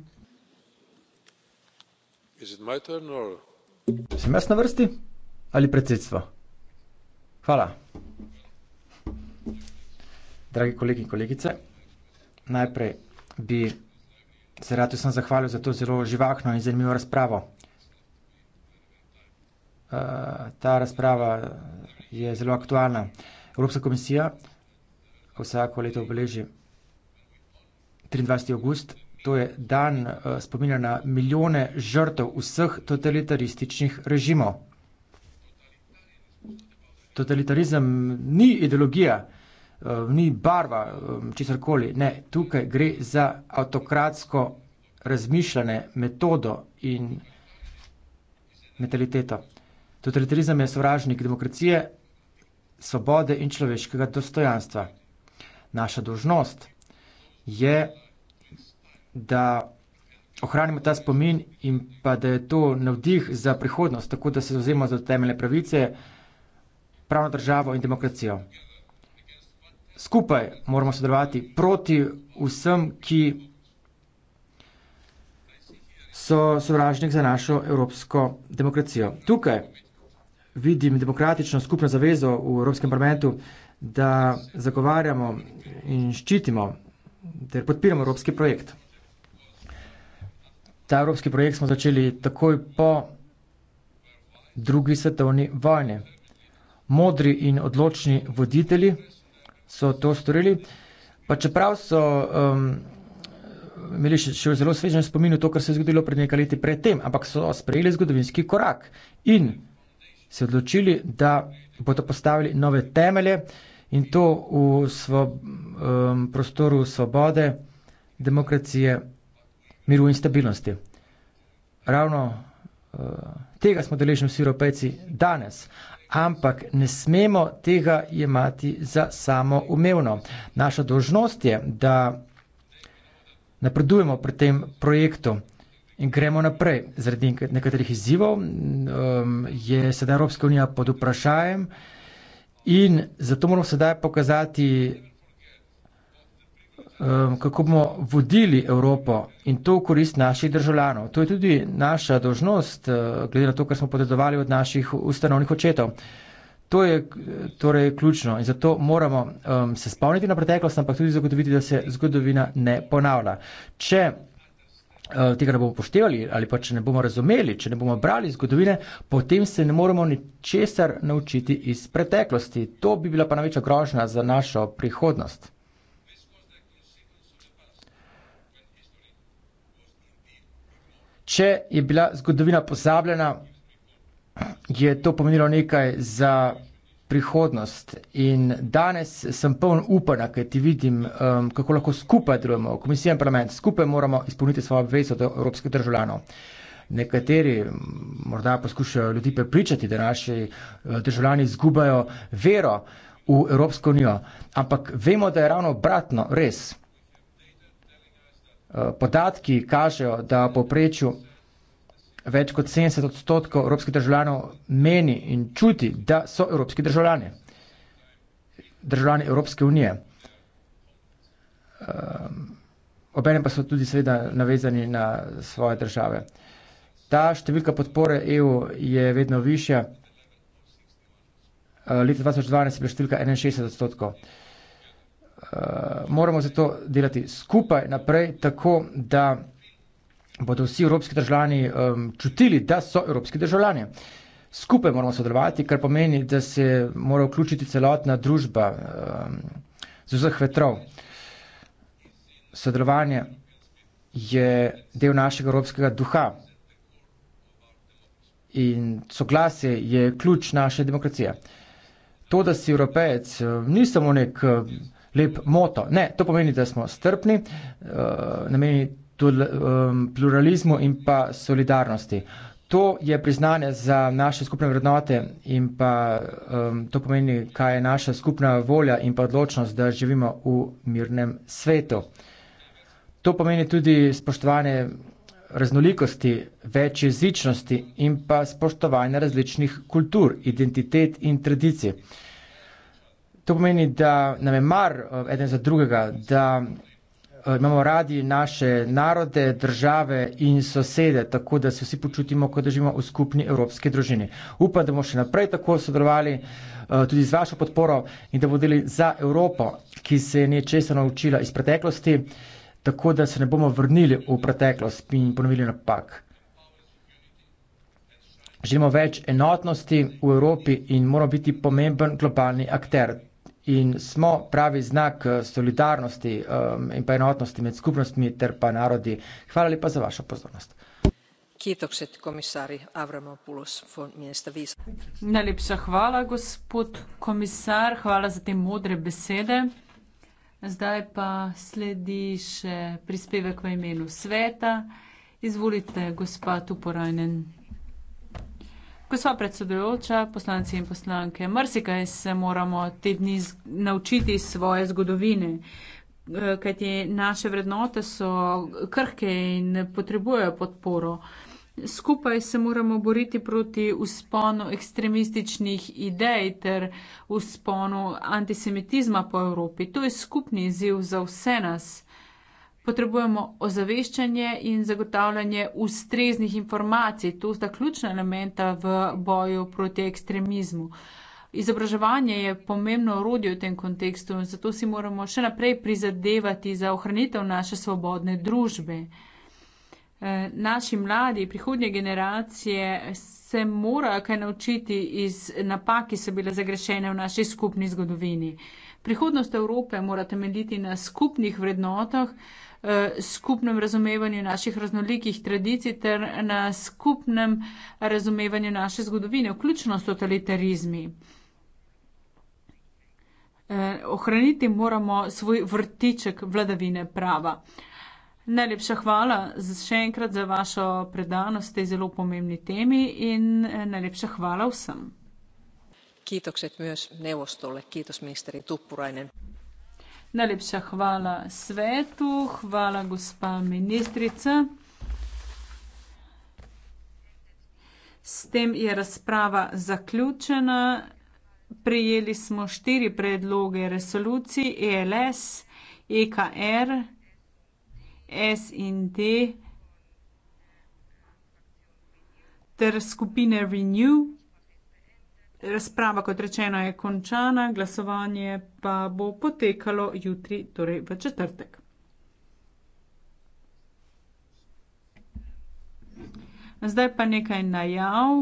D: Sem jaz na vrsti ali predsedstvo? Hvala. Dragi kolegi in kolegice, najprej bi se rad vsem zahvalil za to zelo živahno in zanimivo razpravo. Eh, ta razprava je zelo aktualna. Evropska komisija vsako leto obeleži 23. august, to je dan uh, spominja na milijone žrtev vseh totalitarističnih režimov. Totalitarizem ni ideologija, uh, ni barva, um, česarkoli. Ne, tukaj gre za avtokratsko razmišljanje, metodo in mentaliteto. Totalitarizem je sovražnik demokracije, svobode in človeškega dostojanstva. Naša dožnost je, da ohranimo ta spomin in pa da je to navdih za prihodnost, tako da se zauzemo za temeljne pravice, pravno državo in demokracijo. Skupaj moramo sodelovati proti vsem, ki so sovražnik za našo evropsko demokracijo. Tukaj vidim demokratično skupno zavezo v Evropskem parlamentu, da zagovarjamo in ščitimo ter podpiramo evropski projekt. Ta evropski projekt smo začeli takoj po drugi svetovni vojni. Modri in odločni voditelji so to storili, pa čeprav so um, imeli še, še v zelo svežem spominu to, kar se je zgodilo pred nekaj leti predtem, ampak so sprejeli zgodovinski korak in se odločili, da bodo postavili nove temelje in to v svob, um, prostoru svobode, demokracije, miru in stabilnosti. Ravno uh, tega smo deležni vsi evropejci danes, ampak ne smemo tega jemati za samo umevno. Naša dožnost je, da napredujemo pri tem projektu. In gremo naprej. Zaradi nekaterih izzivov mm, um, je sedaj Evropska unija pod vprašajem in zato moramo sedaj pokazati, um, kako bomo vodili Evropo in to v korist naših državljanov. To je tudi naša dožnost, uh, glede na to, kar smo podedovali od naših ustanovnih očetov. To je torej ključno in zato moramo um, se spomniti na preteklost, ampak tudi zagotoviti, da se zgodovina ne ponavlja. Če Eh, tega ne bomo poštevali ali pa če ne bomo razumeli, če ne bomo brali zgodovine, potem se ne moremo ničesar naučiti iz preteklosti. To bi bila pa največja grožnja za našo prihodnost. Če je bila zgodovina pozabljena, je to pomenilo nekaj za prihodnost. In danes sem poln upanja, ker ti vidim, um, kako lahko skupaj delujemo, komisija in parlament, skupaj moramo izpolniti svojo obvezo do evropskih državljanov. Nekateri morda poskušajo ljudi prepričati, da naši uh, državljani izgubajo vero v Evropsko unijo, ampak vemo, da je ravno obratno, res. Uh, podatki kažejo, da poprečju Več kot 70 odstotkov evropskih državljanov meni in čuti, da so evropski državljani, državljani Evropske unije. Um, Obenem pa so tudi seveda navezani na svoje države. Ta številka podpore EU je vedno višja. Uh, leta 2012 je bila številka 61 odstotkov. Uh, moramo zato delati skupaj naprej, tako da bodo vsi evropski državljani um, čutili, da so evropski državljani. Skupaj moramo sodelovati, kar pomeni, da se mora vključiti celotna družba um, z vseh vetrov. Sodelovanje je del našega evropskega duha in soglasje je ključ naše demokracije. To, da si evropejec, ni samo nek lep moto. Ne, to pomeni, da smo strpni, uh, nameni Um, pluralizmu in pa solidarnosti. To je priznanje za naše skupne vrednote in pa um, to pomeni, kaj je naša skupna volja in pa odločnost, da živimo v mirnem svetu. To pomeni tudi spoštovanje raznolikosti, večjezičnosti in pa spoštovanje različnih kultur, identitet in tradicij. To pomeni, da nam je mar um, eden za drugega, da Eh, imamo radi naše narode, države in sosede, tako da se vsi počutimo, kot da živimo v skupni evropski družini. Upam, da bomo še naprej tako sodelovali eh, tudi z vašo podporo in da bodo deli za Evropo, ki se je nečesa naučila iz preteklosti, tako da se ne bomo vrnili v preteklost in ponovili napak. Želimo več enotnosti v Evropi in moramo biti pomemben globalni akter in smo pravi znak eh, solidarnosti um, in pa enotnosti med skupnostmi ter pa narodi. Hvala lepa za vašo pozornost.
A: Kitokset komisari Avramopoulos, minister Viz. Najlepša hvala, gospod komisar, hvala za te modre besede. Zdaj pa sledi še prispevek v imenu sveta. Izvolite, gospa Tuporajnen. Ko smo predsedujoča, poslanci in poslanke, mrsikaj se moramo te dni naučiti svoje zgodovine, eh, kajti naše vrednote so krhke in potrebujejo podporo. Skupaj se moramo boriti proti usponu ekstremističnih idej ter usponu antisemitizma po Evropi. To je skupni izziv za vse nas potrebujemo ozaveščanje in zagotavljanje ustreznih informacij. To sta ključna elementa v boju proti ekstremizmu. Izobraževanje je pomembno orodje v tem kontekstu in zato si moramo še naprej prizadevati za ohranitev naše svobodne družbe. Eh, naši mladi, prihodnje generacije se morajo kaj naučiti iz napak, ki so bile zagrešene v naši skupni zgodovini. Prihodnost Evrope mora temeljiti na skupnih vrednotah, Eh, skupnem razumevanju naših raznolikih tradicij ter na skupnem razumevanju naše zgodovine, vključno s totalitarizmi. Eh, ohraniti moramo svoj vrtiček vladavine prava. Najlepša hvala še enkrat za vašo predanost tej zelo pomembni temi in eh, najlepša hvala vsem. Kiitokset myös neuvostolle. Kiitos ministeri Tuppurainen. Najlepša hvala svetu, hvala gospa ministrica. S tem je razprava zaključena. Prejeli smo štiri predloge resolucij ELS, EKR, S in D ter skupine Renew. Razprava, kot rečeno, je končana, glasovanje pa bo potekalo jutri, torej v četrtek. Zdaj pa nekaj najav.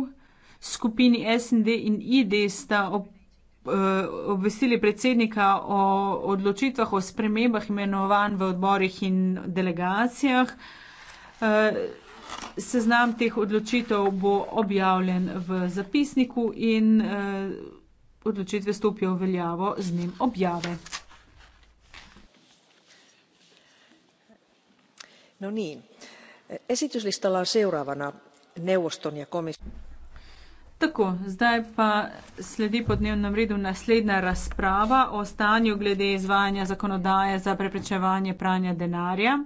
A: Skupini SND in ID sta ob, eh, obvestili predsednika o odločitvah o spremembah imenovanj v odborih in delegacijah. Eh, seznam teh odločitev bo objavljen v zapisniku in eh, odločitve stopijo v veljavo z njim objave. No nii, esityslistalla on seuraavana neuvoston ja komission... Tako, zdaj pa sledi po dnevnem redu naslednja razprava o stanju glede izvajanja zakonodaje za preprečevanje pranja denarja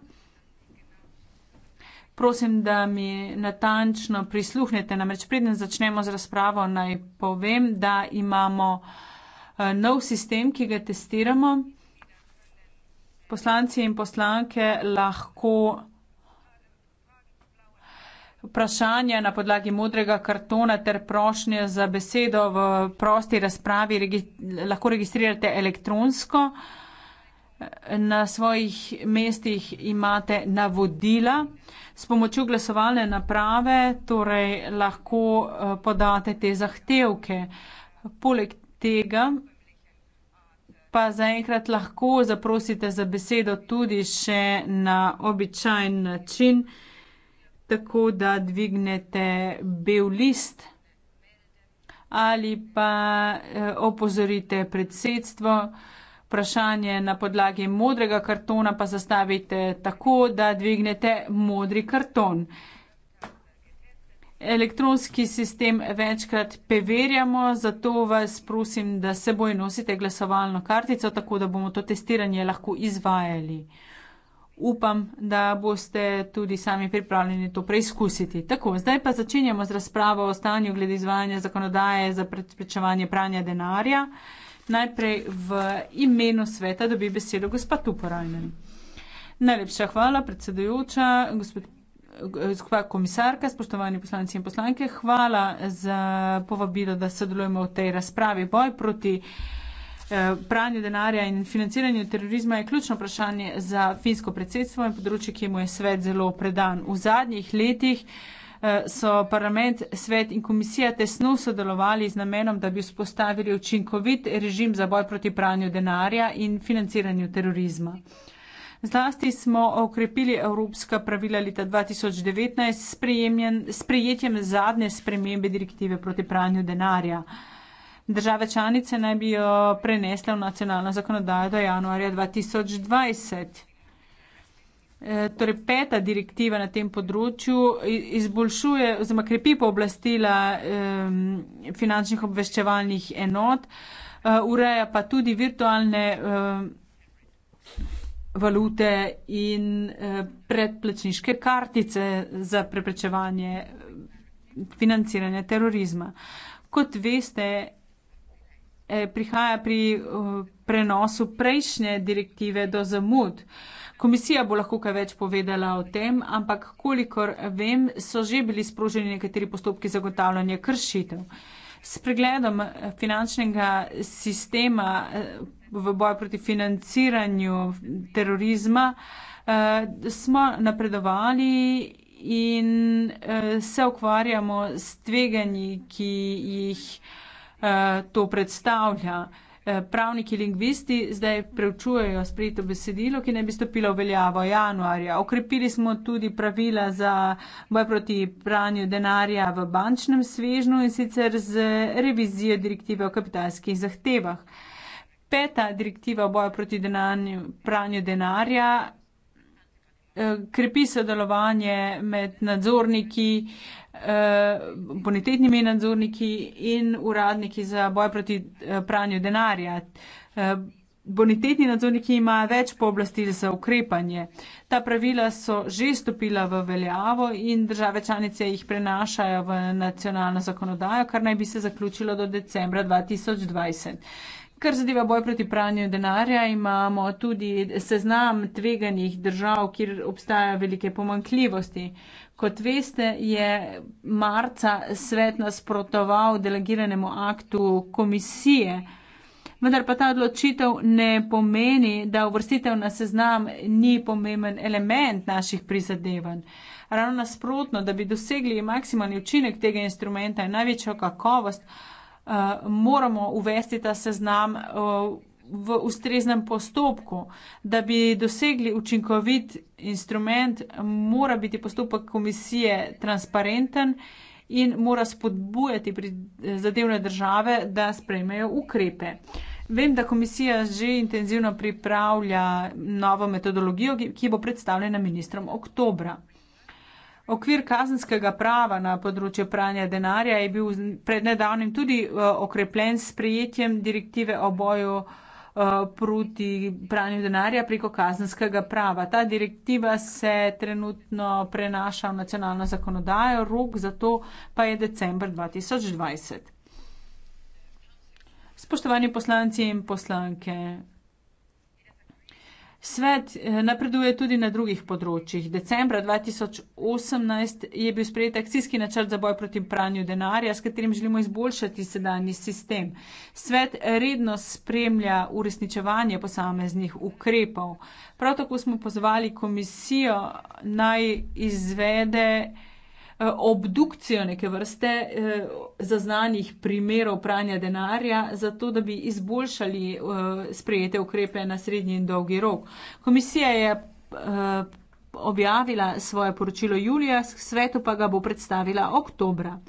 A: prosim, da mi natančno prisluhnete. Namreč, preden začnemo z razpravo, naj povem, da imamo eh, nov sistem, ki ga testiramo. Poslanci in poslanke lahko vprašanja na podlagi modrega kartona ter prošnje za besedo v prosti razpravi regi lahko registrirate elektronsko. Uh, na svojih mestih imate navodila s pomočjo glasovalne naprave, torej lahko eh, podate te zahtevke. Poleg tega pa zaenkrat lahko zaprosite za besedo tudi še na običajen način, tako da dvignete bel list ali pa eh, opozorite predsedstvo vprašanje na podlagi modrega kartona pa zastavite tako, da dvignete modri karton. Elektronski sistem večkrat peverjamo, zato vas prosim, da seboj nosite glasovalno kartico, tako da bomo to testiranje lahko izvajali. Upam, da boste tudi sami pripravljeni to preizkusiti. Tako, zdaj pa začenjamo z razpravo o stanju glede izvajanja zakonodaje za preprečevanje pranja denarja. Uh, najprej v imenu sveta dobi besedo gospod Tuporajnen. Najlepša hvala, predsedujoča, gospod, gospod komisarka, spoštovani poslanci in poslanke. Hvala za povabilo, da sodelujemo v tej razpravi. Boj proti eh, pranju denarja in financiranju terorizma je ključno vprašanje za finsko predsedstvo in področje, ki mu je svet zelo predan. V zadnjih letih Eh, so parlament, svet in komisija tesno sodelovali z namenom, da bi vzpostavili učinkovit režim za boj proti pranju denarja in financiranju terorizma. Zlasti smo okrepili evropska pravila leta 2019 s prijetjem zadnje spremembe direktive proti pranju denarja. Države članice naj bi jo prenesle v nacionalno zakonodajo do januarja 2020. Eh, torej peta direktiva na tem področju izboljšuje oziroma krepi pooblastila finančnih obveščevalnih enot, eh, ureja pa tudi virtualne valute in eh, predplačniške kartice za preprečevanje financiranja terorizma. Kot veste, prihaja pri prenosu prejšnje direktive do zamud. Komisija bo lahko kaj več povedala o tem, ampak kolikor vem, so že bili sproženi nekateri postopki zagotavljanja kršitev. S pregledom finančnega sistema eh, v boju proti financiranju terorizma eh, smo napredovali in eh, se ukvarjamo s tveganji, ki jih to predstavlja. Eh, pravniki lingvisti zdaj preučujejo sprejeto besedilo, ki naj bi stopilo v veljavo januarja. Okrepili smo tudi pravila za boj proti pranju denarja v bančnem svežnu in sicer z revizijo direktive o kapitalskih zahtevah. Peta direktiva o boju proti denanju, pranju denarja krepi sodelovanje med nadzorniki, eh, bonitetnimi nadzorniki in uradniki za boj proti eh, pranju denarja. Eh, bonitetni nadzorniki imajo več pooblastil za ukrepanje. Ta pravila so že stopila v veljavo in države članice jih prenašajo v nacionalno zakonodajo, kar naj bi se zaključilo do decembra 2020. Kar zadeva boj proti pranju denarja, imamo tudi seznam tveganih držav, kjer obstajajo velike pomankljivosti. Kot veste, je marca svet nasprotoval delegiranemu aktu komisije, vendar pa ta odločitev ne pomeni, da uvrstitev na seznam ni pomemben element naših prizadevanj. Ravno nasprotno, da bi dosegli maksimalni učinek tega instrumenta in največjo kakovost, Eh, moramo uvesti ta seznam eh, v ustreznem postopku. Da bi dosegli učinkovit instrument, mora biti postopek komisije transparenten in mora spodbujati eh, zadevne države, da sprejmejo ukrepe. Vem, da komisija že intenzivno pripravlja novo metodologijo, ki bo predstavljena ministrom oktobra. Okvir kazenskega prava na področju pranja denarja je bil pred nedavnim tudi uh, okrepljen s prijetjem direktive o boju uh, proti pranju denarja preko kazenskega prava. Ta direktiva se trenutno prenaša v nacionalno zakonodajo, rok za to pa je decembr 2020. Spoštovani poslanci in poslanke, Svet eh, napreduje tudi na drugih področjih. Decembra 2018 je bil sprejet akcijski načrt za boj proti pranju denarja, s katerim želimo izboljšati sedanji sistem. Svet redno spremlja uresničevanje posameznih ukrepov. Prav tako smo pozvali komisijo naj izvede Eh, obdukcijo neke vrste eh, zaznanih primerov pranja denarja, zato da bi izboljšali eh, sprejete ukrepe na srednji in dolgi rok. Komisija je objavila svoje poročilo julija, svetu pa ga bo predstavila oktobra.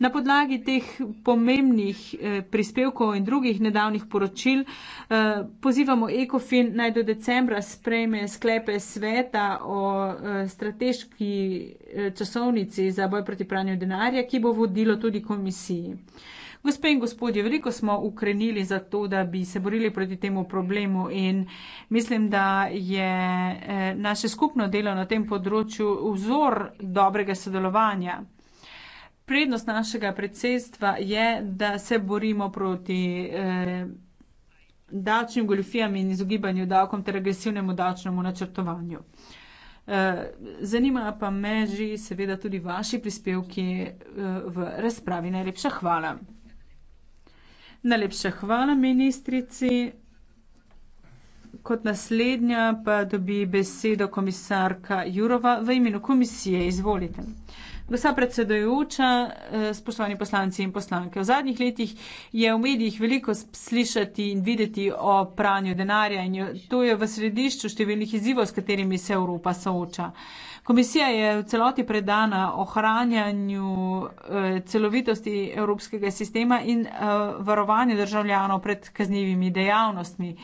A: Na podlagi teh pomembnih eh, prispevkov in drugih nedavnih poročil eh, pozivamo ECOFIN naj do decembra sprejme sklepe sveta o eh, strateški časovnici za boj proti pranju denarja, ki bo vodilo tudi komisiji. Gospe in gospodje, veliko smo ukrenili za to, da bi se borili proti temu problemu in mislim, da je naše skupno delo na tem področju vzor dobrega sodelovanja prednost našega predsedstva je, da se borimo proti eh, davčnim goljufijam in izogibanju davkom ter agresivnemu davčnemu načrtovanju. Eh, zanima pa me že seveda tudi vaši prispevki eh, v razpravi. Najlepša hvala. Najlepša hvala ministrici. Kot naslednja pa dobi besedo komisarka Jurova v imenu komisije. Izvolite. Uh, Gospa predsedujoča, eh, spoštovani poslanci in poslanke, v zadnjih letih je v medijih veliko slišati in videti o pranju denarja in to je v središču številnih izzivov, s katerimi se Evropa sooča. Komisija je v celoti predana ohranjanju eh, celovitosti evropskega sistema in eh, varovanju državljanov pred kaznjivimi dejavnostmi.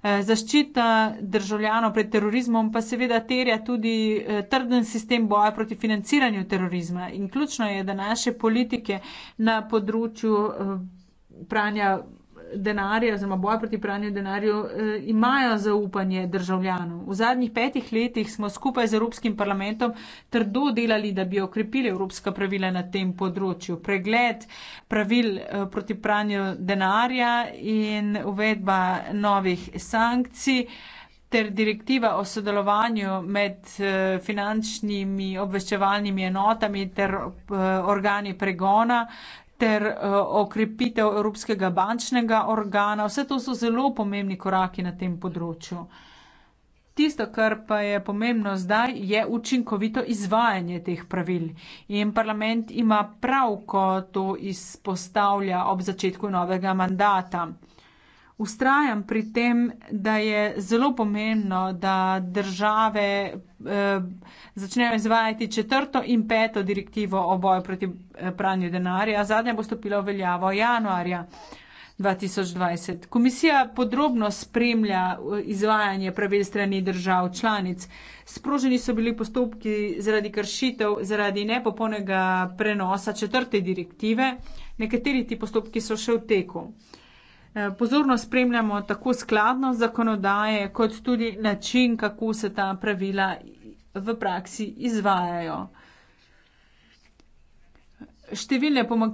A: Eh, zaščita državljanov pred terorizmom pa seveda terja tudi eh, trden sistem boja proti financiranju terorizma. In ključno je, da naše politike na področju eh, pranja denarja, oziroma boja proti pranju denarja, eh, imajo zaupanje državljanov. V zadnjih petih letih smo skupaj z Evropskim parlamentom trdo delali, da bi okrepili evropska pravila na tem področju. Pregled pravil eh, proti pranju denarja in uvedba novih sankcij ter direktiva o sodelovanju med eh, finančnimi obveščevalnimi enotami ter organi pregona ter eh, okrepitev Evropskega bančnega organa. Vse to so zelo pomembni koraki na tem področju. Tisto, kar pa je pomembno zdaj, je učinkovito izvajanje teh pravil. In parlament ima prav, ko to izpostavlja ob začetku novega mandata ustrajam pri tem, da je zelo pomembno, da države eh, začnejo izvajati četrto in peto direktivo o boju proti eh, pranju denarja. Zadnja bo stopila v veljavo januarja 2020. Komisija podrobno spremlja eh, izvajanje pravil strani držav članic. Sproženi so bili postopki zaradi kršitev, zaradi nepopolnega prenosa četrte direktive. Nekateri ti postopki so še v teku. Eh, pozorno spremljamo tako skladno zakonodaje, kot tudi način, kako se ta pravila v praksi izvajajo. Številne pomanjkljivosti.